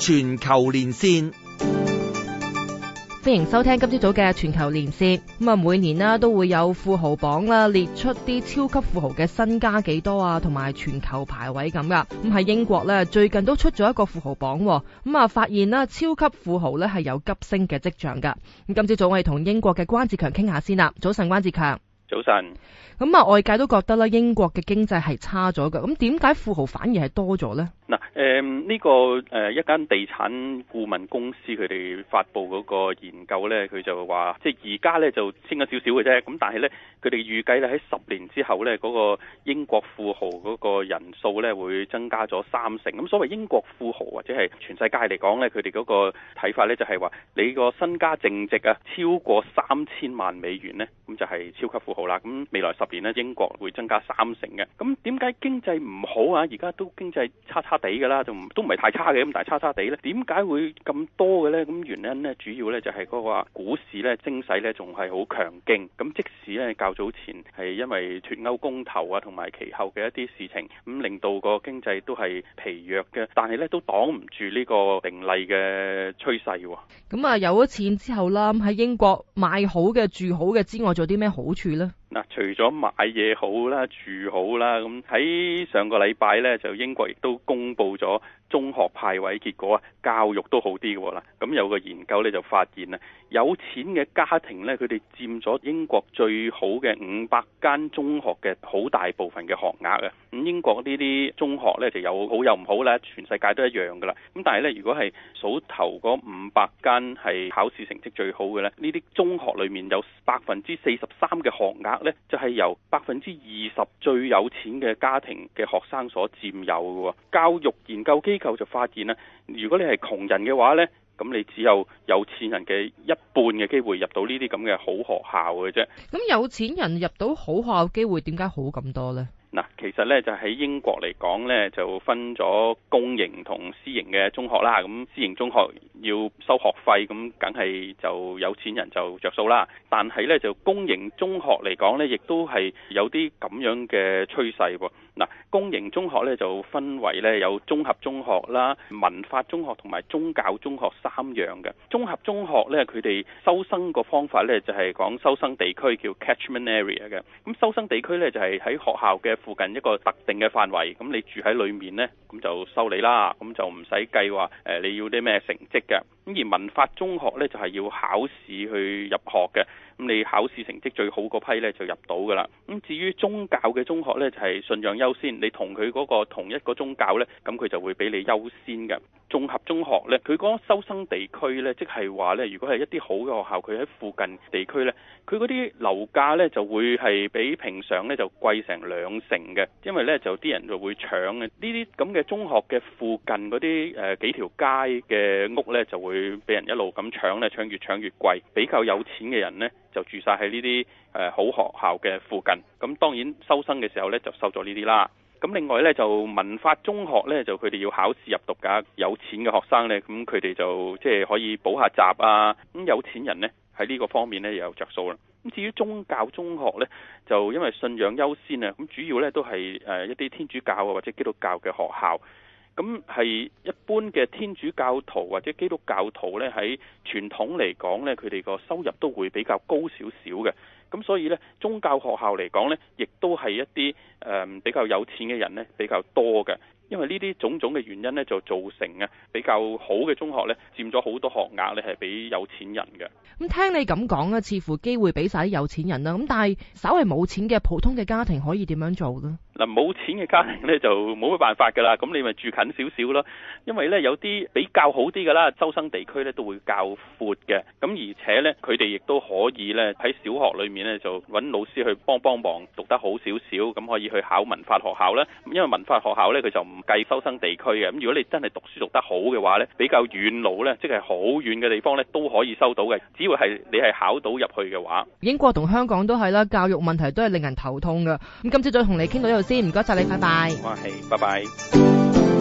全球連線，歡迎收聽今朝早嘅全球連線。咁啊，每年咧都會有富豪榜啦，列出啲超級富豪嘅身家幾多啊，同埋全球排位咁噶。咁喺英國呢，最近都出咗一個富豪榜，咁啊發現啦，超級富豪呢係有急升嘅跡象噶。咁今朝早我哋同英國嘅關志強傾下先啦。早晨，關志強。早晨，咁啊，外界都覺得啦，英國嘅經濟係差咗嘅，咁點解富豪反而係多咗咧？嗱。誒呢、嗯這個誒一間地產顧問公司佢哋發布嗰個研究呢，佢就話，即係而家呢，就升咗少少嘅啫。咁但係呢，佢哋預計咧喺十年之後呢，嗰、那個英國富豪嗰個人數呢，會增加咗三成。咁所謂英國富豪，或者係全世界嚟講呢，佢哋嗰個睇法呢，就係話，你個身家淨值啊超過三千萬美元呢，咁就係超級富豪啦。咁未來十年呢，英國會增加三成嘅。咁點解經濟唔好啊？而家都經濟差差地嘅。啦，就都唔係太差嘅。咁但係差差地咧，點解會咁多嘅咧？咁原因咧，主要咧就係嗰個啊，股市咧，精細咧，仲係好強勁。咁即使咧較早前係因為脫歐公投啊，同埋其後嘅一啲事情，咁令到個經濟都係疲弱嘅，但係咧都擋唔住呢個凌厲嘅趨勢。咁啊，有咗錢之後啦，喺英國買好嘅、住好嘅之外，做啲咩好處咧？嗱，除咗買嘢好啦，住好啦，咁喺上個禮拜咧，就英國亦都公布咗中學派位結果啊，教育都好啲㗎啦。咁有個研究咧就發現咧，有錢嘅家庭咧，佢哋佔咗英國最好嘅五百間中學嘅好大部分嘅學額㗎。咁英國呢啲中學咧就有好有唔好咧，全世界都一樣㗎啦。咁但係咧，如果係數頭嗰五百間係考試成績最好嘅咧，呢啲中學裏面有百分之四十三嘅學額咧，就係由百分之二十最有錢嘅家庭嘅學生所佔有喎。教育研究機夠就發展啦。如果你係窮人嘅話咧，咁你只有有錢人嘅一半嘅機會入到呢啲咁嘅好學校嘅啫。咁有錢人入到好學校機會點解好咁多咧？嗱，其實咧就喺英國嚟講咧，就分咗公營同私營嘅中學啦。咁私營中學要收學費，咁梗係就有錢人就着數啦。但係咧就公營中學嚟講咧，亦都係有啲咁樣嘅趨勢喎。嗱，公營中學咧就分為咧有綜合中學啦、文法中學同埋宗教中學三樣嘅。綜合中學咧，佢哋收生個方法咧就係講收生地區叫 catchment area 嘅。咁收生地區咧就係，是，喺學校嘅。附近一個特定嘅範圍，咁你住喺裏面咧，咁就收你啦，咁就唔使計話誒，你要啲咩成績嘅。而文法中學咧就係要考試去入學嘅，咁你考試成績最好嗰批咧就入到噶啦。咁至於宗教嘅中學咧就係信仰優先，你同佢嗰個同一個宗教咧，咁佢就會俾你優先嘅。綜合中學咧，佢嗰個收生地區咧，即係話咧，如果係一啲好嘅學校，佢喺附近的地區咧，佢嗰啲樓價咧就會係比平常咧就貴成兩成嘅，因為咧就啲人就會搶嘅呢啲咁嘅中學嘅附近嗰啲誒幾條街嘅屋咧就會。佢俾人一路咁搶咧，搶越搶越貴。比較有錢嘅人呢，就住晒喺呢啲誒好學校嘅附近。咁當然收生嘅時候呢，就收咗呢啲啦。咁另外呢，就文化中學呢，就佢哋要考試入讀㗎。有錢嘅學生呢，咁佢哋就即係可以補下習啊。咁有錢人呢，喺呢個方面呢，又着數啦。咁至於宗教中學呢，就因為信仰優先啊，咁主要呢，都係誒一啲天主教啊或者基督教嘅學校。咁係一般嘅天主教徒或者基督教徒咧，喺傳統嚟講咧，佢哋個收入都會比較高少少嘅。咁所以咧，宗教學校嚟講咧，亦都係一啲誒、呃、比較有錢嘅人咧比較多嘅。因為呢啲種種嘅原因咧，就造成啊比較好嘅中學咧，佔咗好多學額咧，係俾有錢人嘅。咁聽你咁講啊，似乎機會俾晒啲有錢人啦。咁但係稍為冇錢嘅普通嘅家庭可以點樣做咧？冇錢嘅家庭呢，就冇乜辦法㗎啦，咁你咪住近少少咯，因為呢，有啲比較好啲嘅啦，收生地區呢都會較闊嘅，咁而且呢，佢哋亦都可以呢，喺小學裏面呢，就揾老師去幫幫忙，讀得好少少咁可以去考文法學校啦，因為文法學校呢，佢就唔計收生地區嘅，咁如果你真係讀書讀得好嘅話呢，比較遠路呢，即係好遠嘅地方呢，都可以收到嘅，只要係你係考到入去嘅話。英國同香港都係啦，教育問題都係令人頭痛㗎，咁今次再同你傾到一個先，唔該晒，謝謝你，拜拜。我係，拜拜。